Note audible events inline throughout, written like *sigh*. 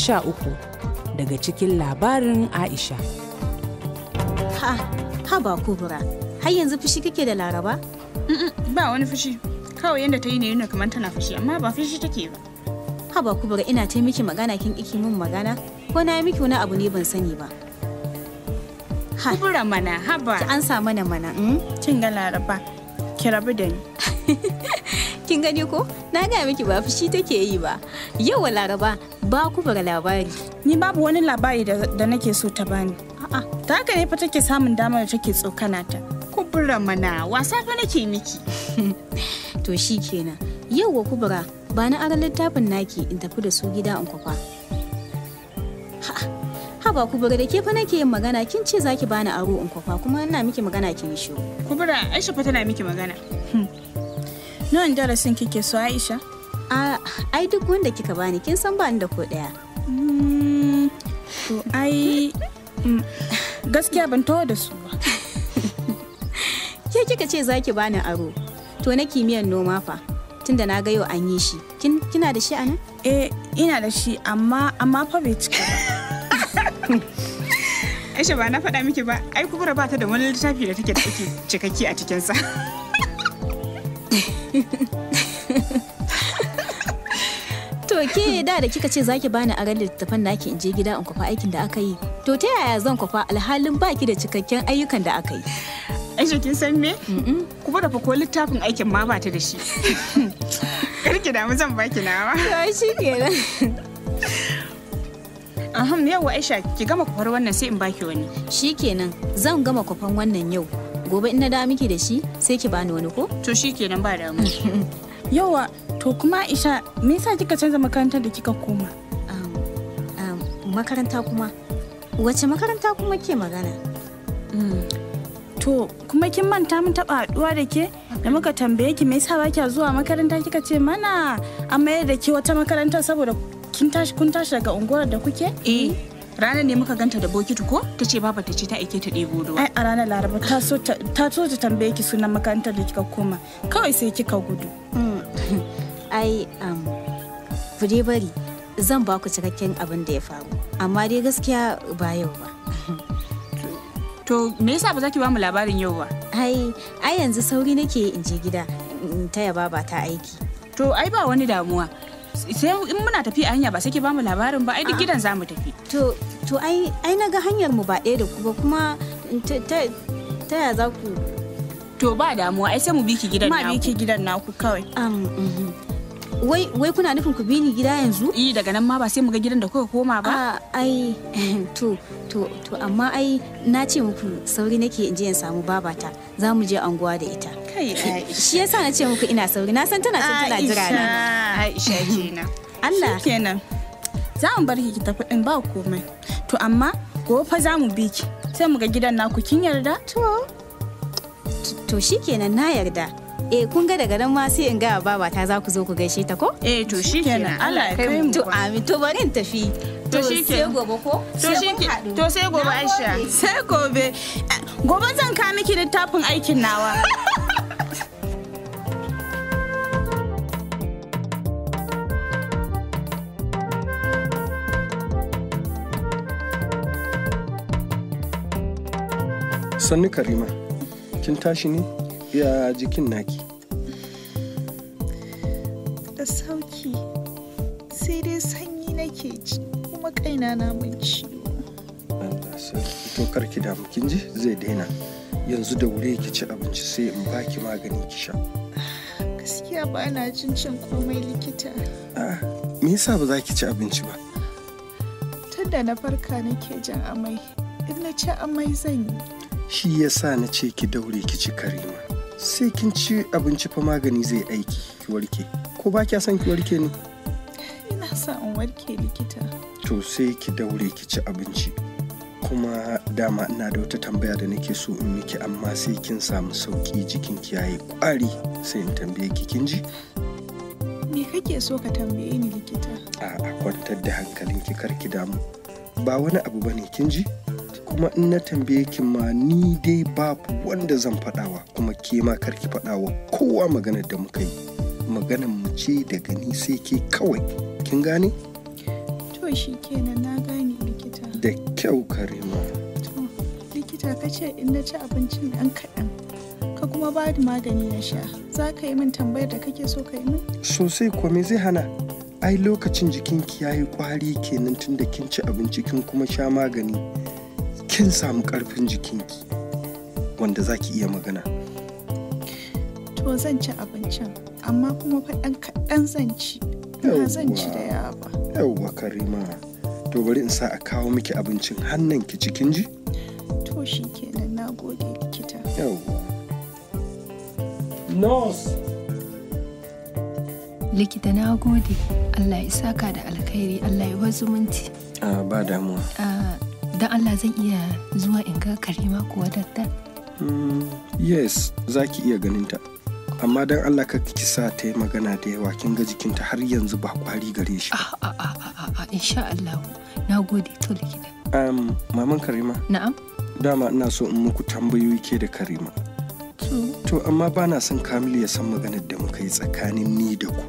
sha uku daga cikin labarin Aisha. Ha, ha ba kubura, har yanzu fushi kake da laraba? Ba wani fushi, kawai yadda ta yi ne nuna kamar tana fushi, amma ba fushi take ba. Ha ba kubura ina ta miki magana kin iki mun magana, ko na yi miki wani abu ne ban sani ba. Ha. Kubura mana, ha ba. Ki an sa mana mana, mm? Kin ga laraba, ki rabu da ni. *laughs* kin gani ko na gaya miki ba fushi take yi ba yau laraba ba ku bara labari ni babu wani labari da nake so ta bani a'a ta haka ne fa take samun dama da take tsokana ta kubura mana wasa fa nake miki *laughs* to shi kenan yau wa kubura ba na aran littafin naki in tafi da su gida in kwafa Ba kubura da ke fa nake yin magana kin ce zaki bani aro in kwafa kuma ina miki magana kin shiru kubura aisha fa tana miki magana hmm. Nawan darasin kike so Aisha? ai duk wanda kika bani kin san bani da ko daya. Hmm, to ai hmm, gaskiya ban tawo da su ba. Ke kika ce zaki bani aro. To na kimiyyar noma fa. Tunda na ga yau an yi shi. Kina da shi anan? Eh, ina da shi amma amma fa bai cika ba. Aisha ba na faɗa miki ba, ai kubura ba ta da wani littafi da take da take cikakki a cikinsa. *laughs* to ke da da kika ce zaki bani a aran littattafan naki in je gida in kwafa aikin da aka yi to ta yaya zan kwafa alhalin baki da cikakken ayyukan da aka yi Aisha kin san me? Kuma da ko littafin aikin ma ba ta da shi. *laughs* Karki damu zan baki nawa. To shi kenan. Aham yau Aisha ki gama kwafar wannan sai in baki wani. Shikenan zan gama kwafan wannan yau. gobe in na da miki da shi sai ki bani wani ko to shi kenan ba damu *laughs* yawa to kuma Aisha me yasa kika canza makarantar da kika koma makaranta kuma wace makaranta kuma ke magana hmm. to kuma kin manta mun taba haduwa da ke da muka tambaye ki me yasa ba kya zuwa makaranta kika ce mana amma mayar da ke wata makaranta saboda kin tashi kun tashi daga unguwar da kuke eh ranar ne muka ganta da bokiti ko ta ce baba ta ce ta aike ta ɗebo ruwa ai a ranar laraba ta so ta tambaye ki sunan makarantar da kika koma kawai sai kika gudu hmm. *laughs* ai um, ku bari zan ba ku cikakken abin da ya faru amma dai gaskiya ba yau ba *laughs* to me yasa ba za ki ba mu labarin yau ba ai ai yanzu sauri nake in je gida in taya baba ta aiki to ai ba wani damuwa sai in muna tafi a hanya ba sai ke bamu labarin ba ai duk gidan zamu tafi to to ai ai naga hanyar mu ba ɗaya da ku ba kuma ta ta ya za ku to ba damuwa ai sai mu bi ki gidan naku ma bi gidan naku kawai mhm. wai wai kuna nufin ku bi ni gida yanzu eh daga nan ma ba sai mu ga gidan da kuka koma ba ah, ai *laughs* to to to amma ai na ce muku sauri nake in je in samu babata za mu je anguwa da ita kai shi yasa na ce muku ina sauri na san tana can tana jira na Aisha kenan Allah kenan za mu bar ki tafi din ba komai to amma gobe fa za mu bi ki sai mu ga gidan naku kin yarda to to shikenan na yarda eh kun ga daga nan ma sai in ga baba ta za ku zo ku gaishe ta ko eh to shikenan Allah ya kai mu to amin to bari in tafi to sai gobe ko to shikenan to sai gobe Aisha sai gobe eh, gobe zan ka miki littafin aikin nawa sannu karima kin tashi ne ya jikin naki da sauki sai dai sanyi nake ji kuma kaina na mun ciwo Allah sai to karki damu kin ji zai daina yanzu da wuri ki ci abinci sai in baki magani ki sha gaskiya ba na jin cin komai likita ah me yasa ba za ki ci abinci ba tunda na farka nake jin amai in na ci amai zan yi shi yasa na ce ki daure ki ci karima sai kin ci abinci fa magani zai aiki ki warke ko ba kya son ki warke ne ina sa in warke likita to sai ki daure ki ci abinci kuma dama ina da wata tambaya da nake so in miki amma sai kin samu sauki jikinki yayi kwari sai in tambaye ki kin ji me kake so ka tambaye ni likita a kwantar da hankalinki kar ki damu ba wani abu bane kin ji kuma in na tambaye ki ma ni dai babu wanda zan faɗawa kuma ke ma karki faɗawa kowa maganar da muka yi maganar mu ce daga ni sai ke kawai kin gane to shi kenan na gane likita da kyau karima to likita ka ce in na ci abincin ɗan kaɗan ka kuma ba da magani na sha za ka yi min tambayar da kake so ka yi min sosai ko me zai hana ai lokacin jikinki ya yi kwari kenan tun da kin ci abinci kin kuma sha magani kin samu ƙarfin jikinki wanda za ki iya magana to zan ci abincin amma kuma faɗan kaɗan zan ci ina zan ci da yawa yawwa karima to bari in sa a kawo miki abincin hannun ki cikin ji to shi kenan na gode likita yawwa nurse likita na gode allah ya saka da alkhairi allah ya wazumunci a ah, ba damuwa ah, don Allah zan iya zuwa in ga Karima kuwa dadda? Mm, yes, za ki iya ganinta. Amma don Allah ka ki sa ta yi magana da yawa kin ga jikinta har yanzu ba kwari gare shi. A'a, ah, ah, ah, insha Allah, na gode to likita. maman Karima. Na'am. Dama ina so in muku tambayoyi ke da Karima. To, amma ba na son Kamilu ya san maganar da muka yi tsakanin ni da ku.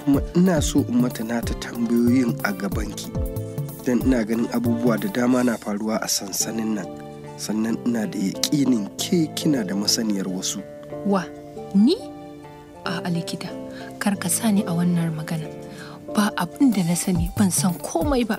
Kuma ina so in mata nata tambayoyin a gabanki. ki. don ina ganin abubuwa da dama na faruwa a sansanin nan sannan ina da yaƙinin ke kina da masaniyar wasu wa ni a likita kar ka ni a wannan magana ba abin da na sani ban san komai ba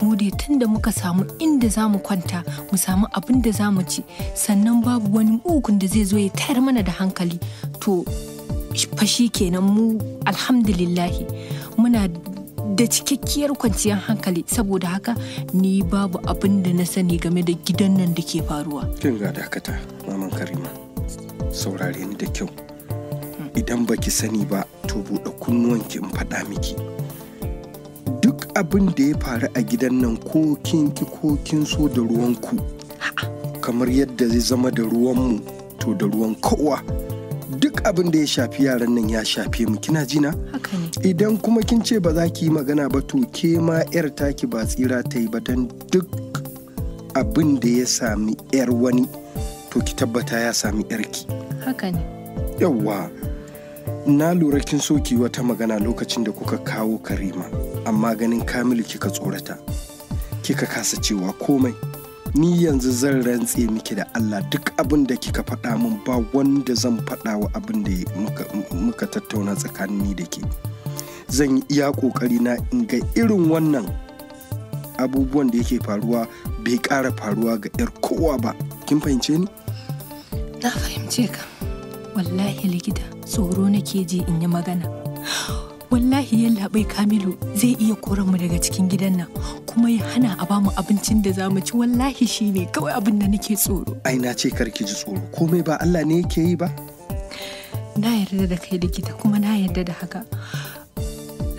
mu dai tun da muka samu inda za mu kwanta mu samu abin da za mu ci sannan babu wani mugun da zai zo ya tayar mana da hankali to fashi kenan mu alhamdulillahi muna da cikakkiyar kwanciyar hankali saboda haka ni babu abin da na sani game da gidan nan da ke faruwa kin ga dakata maman karima saurare ni da kyau idan baki sani ba to buɗe kunnuwan ki in faɗa miki duk abin da ya faru a gidan nan ko kin ki ko kin so da ruwanku kamar yadda zai zama da ruwanmu to da ruwan kowa duk abin da ya shafi yaran nan ya shafe mu kina jina idan kuma kin ce ba za ki yi magana ba to ke ma yar taki ba tsira ta yi ba don duk abin da ya sami yar wani to ki tabbata ya sami yarki yawwa na lura kin so ki wata magana lokacin da kuka kawo karima amma ganin kamilu kika tsorata kika kasa cewa komai ni yanzu zan rantse miki da Allah duk abin da kika faɗa min ba wanda zan faɗa wa abin da muka tattauna tsakanin ni da ke zan yi iya ƙoƙari na in ga irin wannan abubuwan da yake faruwa bai ƙara faruwa ga 'yar kowa ba kin fahimce ni na fahimce ka wallahi likita tsoro nake ji in yi magana wallahi yallaɓai kamilu zai iya mu daga cikin gidan nan kuma ya hana a bamu abincin da zamu ci wallahi shi ne kawai abin da nake tsoro ai na ce karki ji tsoro komai ba Allah ne yake yi ba na yarda da kai likita kuma na yarda da haka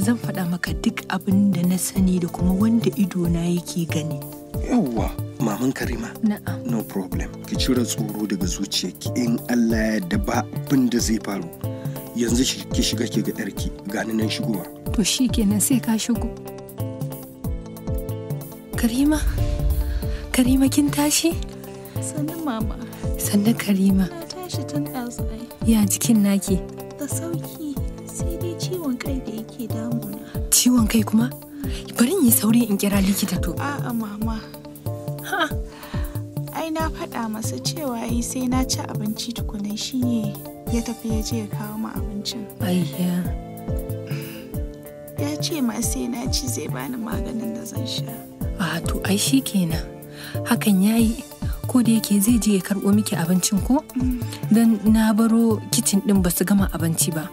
zan faɗa maka duk abin da na sani da kuma wanda ido na yake gani yawwa maman karima na'am no problem ki cire tsoro daga zuciyarki in Allah ya yarda ba abin da zai faru yanzu ki shiga ki ga ɗarki gani nan shigowa to shi kenan sai ka shigo Karima? Karima kin tashi? Sannu mama. Sannu Karima. Na tashi tun Ya jikin naki? Da sauki sai dai ciwon kai da yake damuna. Ciwon kai kuma? Bari yi sauri in kira likita to. A'a mama. Ha. Ai na faɗa masa cewa yi sai na ci abinci tukunai shi ne ya tafi ya je ya kawo mu abincin. Aiya. Ya ce ma sai na ci zai bani maganin da zan sha. A to ai shi kenan. Hakan ya yi ko da yake zai je ya karɓo miki abincin ko? Don na baro kicin din ba su gama abinci ba.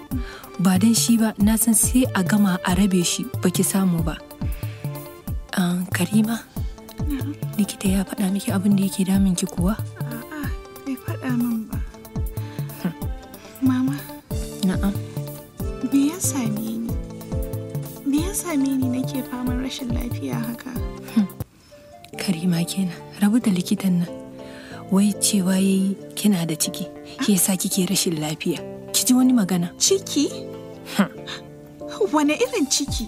Ba don shi ba na san sai a gama a rabe shi baki samu ba. Ah, Karima, likita ya faɗa miki abin da yake damun ki kuwa? A'a, bai faɗa min ba. Hm. Mama. Na'am. Me ya same ni? Me ya same ni nake faman rashin lafiya haka? karima kenan rabu da likitan nan wai cewa ya yi kina da ciki ke sa kike rashin lafiya ki ji wani magana ciki wane irin ciki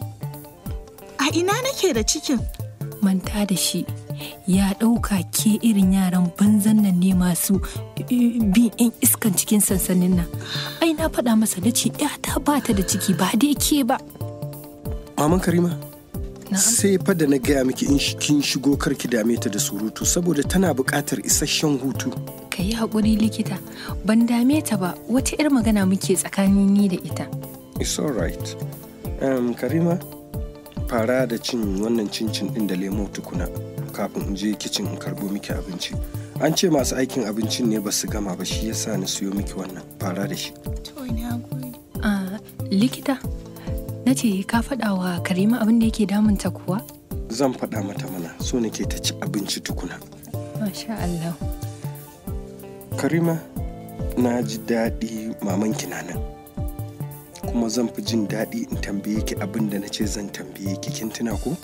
a ina nake da cikin manta da shi ya ɗauka ke irin yaran banzan nan ne masu eh, bin yan iskan cikin sansanin nan ai na faɗa masa da ce ta ba da ciki ba dai ke ba maman karima sai fa da na gaya miki in kin shigo karki dame ta da surutu saboda tana bukatar isasshen hutu ka yi haƙuri likita ban dame ta ba wata 'yar magana muke tsakanin ni da ita it's right um, karima fara da cin wannan cincin din da lemo tukuna kafin in je kicin in karbo miki abinci an ce masu aikin abincin ne ba su gama ba shi yasa na siyo miki wannan fara da shi ah, likita Na ce ka faɗa wa Karima abin da yake ta kuwa? Zan faɗa mata mana so nake ta ci abinci tukuna. Masha Allah. Karima na ji daɗi mamanki na nan. Kuma zan fi jin daɗi in tambaye ki abin da na ce zan tambaye ki kin tuna ko?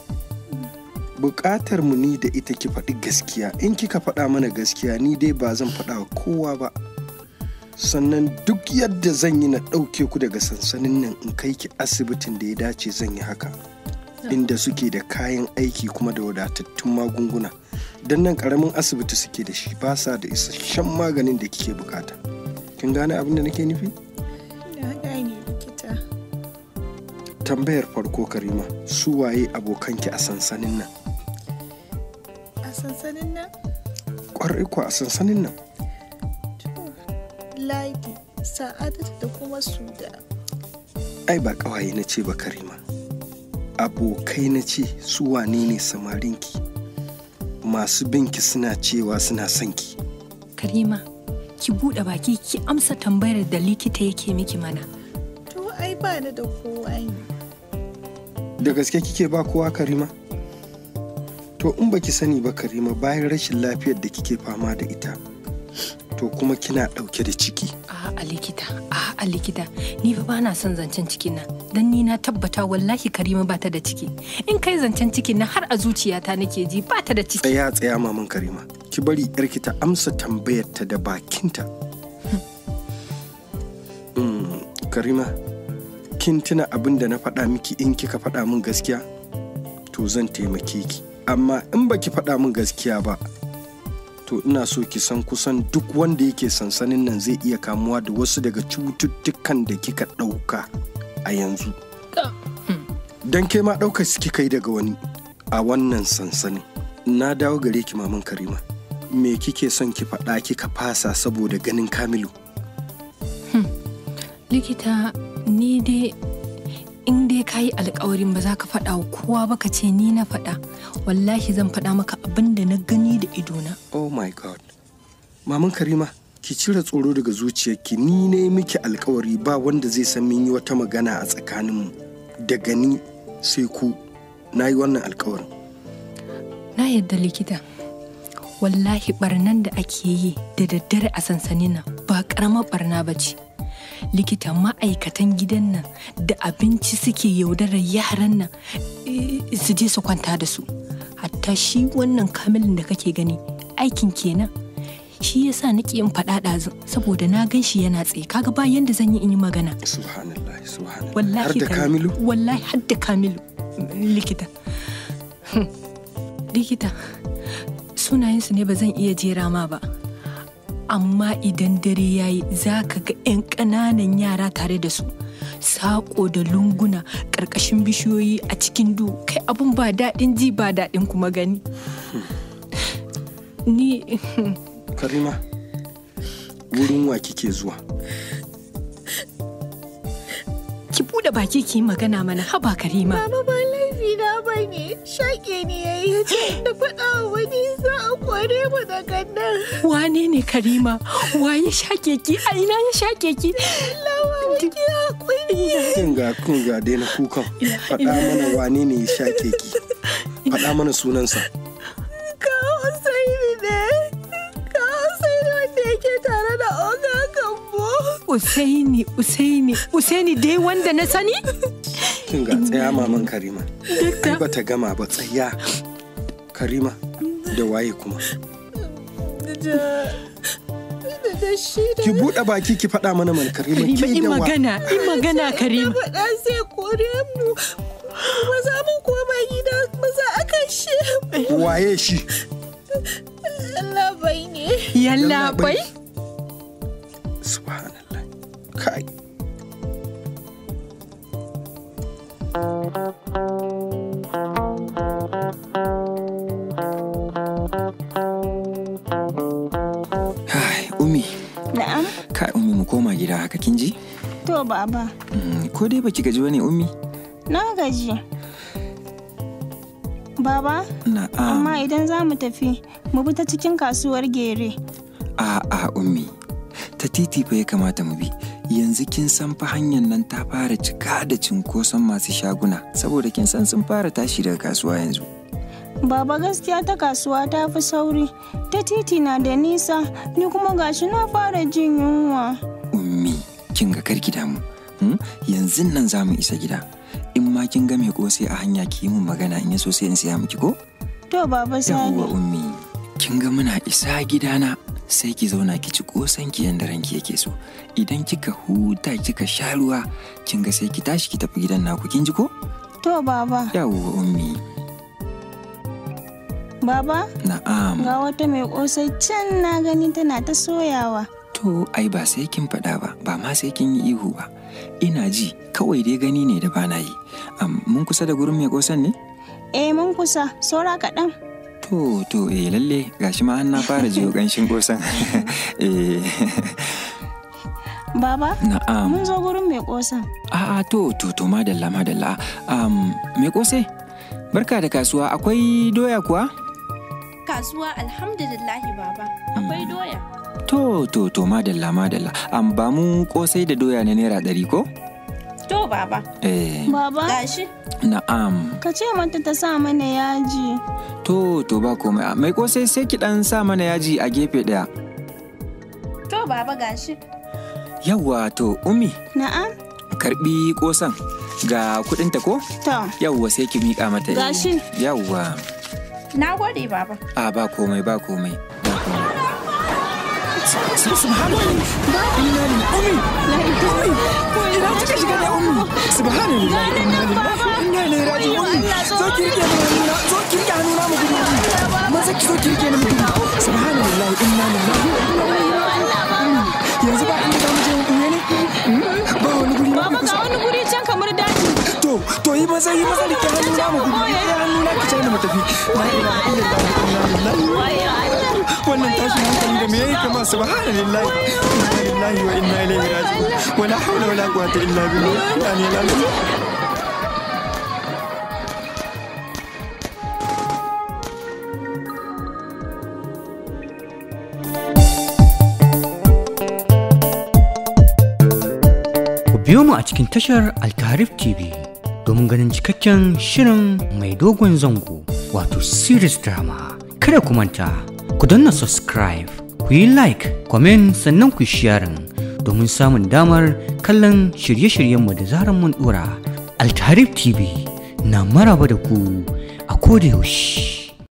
buƙatar mu ni da ita ki faɗi gaskiya in kika faɗa mana gaskiya ni dai ba zan faɗa kowa ba. sannan duk yadda zan yi na ɗauke ku daga sansanin nan in kai ki asibitin da ya dace zan yi haka inda suke da kayan aiki kuma da wadatattun magunguna don nan karamin asibiti suke da shi ba sa da isasshen maganin da kike bukata kin gane abin da nake nufi tambayar farko karima su waye abokanki a sansanin nan a sansanin nan kwarai a sansanin nan abdullahi sa'adata da kuma su da ai ba ƙawaye na ce ba karima abokai na ce su wane ne samarinki masu binki suna cewa suna son ki karima ki buɗe baki ki amsa tambayar da likita yake miki mana to ai ba ni da kowa ne da gaske kike ba kowa karima to in baki sani ba karima bayan rashin lafiyar da kike fama da ita to kuma kina ɗauke da ciki a likita a likita ni fa ba na son zancen ciki na dan ni na tabbata wallahi karima ba ta da ciki in kai zancen ciki na har a zuciyata nake ji ba ta da ciki tsaya tsaya maman karima ki bari yarki ta amsa tambayar ta da bakinta hmm. Hmm, karima kin tuna abin da na faɗa miki in kika faɗa min gaskiya to zan taimake ki amma in baki faɗa min gaskiya ba to ina so ki san kusan duk wanda yake sansanin nan zai iya kamuwa da wasu daga cututtukan da kika ɗauka a yanzu don ke ma ɗaukar su kika yi daga wani a wannan sansanin na dawo gare ki maman karima me kike son ki faɗa kika fasa saboda ganin kamilu hmm. likita ni dai dai ka yi alkawarin ba za ka faɗa wa kowa ba ka ce ni na faɗa wallahi zan faɗa maka abin da na gani da idona oh my god maman karima ki cire tsoro daga zuciyarki ni ne miki alkawari ba wanda zai san mun yi wata magana a tsakaninmu daga ni sai ku na yi wannan alkawarin na yadda likita wallahi barnan da ake yi da daddare a sansanin nan ba karamar barna ba ce likita ma'aikatan gidan nan da abinci suke yaudarar yaran nan eh, su je su kwanta da su hatta shi wannan kamilin da kake gani aikin kenan shi yasa nake yin faɗa ɗazin saboda na gan shi yana tsaye kaga ba yanda zan yi in yi magana subhanallah subhanallah wallahi har da kamilu kamilu likita likita sunayensu ne ba zan iya jera ma ba amma idan dare ya yi za ka ga 'yan ƙananan yara tare da su saƙo da lunguna ƙarƙashin bishiyoyi a cikin duhu kai abin ba daɗin ji ba daɗin kuma gani hmm. ni *laughs* karima wurin wa kike zuwa ki buɗe baki ki magana mana haba karima kawai ne shaƙe ne ya yi ce na faɗa wani za a kware mu daga nan. Wane ne Karima? Waye shaƙe ki? A ina ya shaƙe ki? Lawa ki haƙuri. Kunga kunga dai na kukan. Faɗa mana wane ne ya shaƙe ki? Faɗa mana sunansa. Kawo sai ne. Usaini, Usaini, Usaini dai wanda na sani? aikin ga tsaya maman karima ai bata gama ba tsaya karima da waye kuma ki buɗe baki ki faɗa mana man karima ki da magana in magana karima faɗa sai kore mu ba za mu koma gida ba za a kashe mu waye shi bai ne bai subhanallah kai baba. Hmm, ko dai baki gaji wani ummi? Na gaji. Baba? Ah. Amma idan za mu tafi, mu bi ta cikin kasuwar gere. A'a ah, ah, ummi, ta titi fa ya kamata mu bi. Yanzu kin san fa hanyar nan ta fara cika da cinkoson masu shaguna, saboda kin san sun fara tashi daga kasuwa yanzu. Baba gaskiya ta kasuwa ta fi sauri, ta titi na da nisa, ni kuma gashi na fara jin yunwa. kin ga karki damu hmm? yanzu nan za mu isa gida in ma kin ga mai sai a hanya ki yi mun magana in ya so sai in siya miki ko to baba sani yawwa ummi kin ga muna isa gidana sai ki zauna ki ci kosan ki yanda ranki yake so idan kika huta kika sha ruwa kin ga sai ki tashi ki tafi gidan naku kin ji ko to baba yawwa ummi baba na'am ga wata mai kosai can na gani tana ta soyawa to ai ba sai kin faɗa ba ba ma sai kin yi ihu ba ina ji kawai dai gani ne da bana yi mun kusa da gurin mai kosan ne eh mun kusa saura kaɗan to to eh lalle gashi ma an na fara jiyo ganshin kosan *laughs* eh Baba, Mun zo gurin mai kosan. A'a to to to madalla madalla. Um, mai kose? Barka da kasuwa akwai doya kuwa? Kasuwa alhamdulillahi baba, akwai mm. doya. To, to, to, madalla, madalla. An ba mu kosai da doya na naira ɗari ko? To, baba. Eh. Baba? Gashi. Na'am. Ka ce mata ta sa mana yaji. To, to, ba komai. Mai kosai sai ki ɗan sa mana yaji a gefe ɗaya. To, baba gashi. Yawwa, to, Umi. Na'am. Karɓi kosan. Ga kuɗinta ko? To. Yawwa sai ki miƙa mata. Gashi. Yawwa. Na gode, baba. A ba komai, ba komai. subhanallah inna ummi ummi shiga da ummi subhanallah inna lillahi inna ilaihi raji'un yanzu ba inda to to yi maza yi maza rike hannu na mu gudu rike hannu na ki tsaye mu tafi la ilaha illallah wannan tashin hankali da me yake kama subhanallahi inna wa inna ilaihi raji'un wala hawla wala quwwata illa billah yani la biyo mu a cikin tashar Altarif TV. domin ganin cikakken shirin mai dogon zango wato series drama kada ku manta ku danna subscribe ku yi like comment sannan ku sharing domin samun damar kallon shirye-shiryenmu da zarar mun dora altarif tv na maraba da ku a kodayaushe